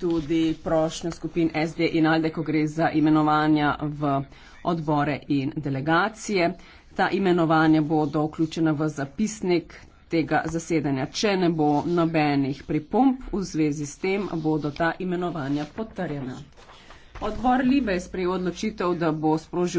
tudi prošnjo skupin SD in ALDE, ko gre za imenovanja v odbore in delegacije. Ta imenovanja bodo vključena v zapisnik tega zasedanja. Če ne bo nobenih pripomp v zvezi s tem, bodo ta imenovanja potrjena. Odbor Libe je sprejel odločitev, da bo sprožil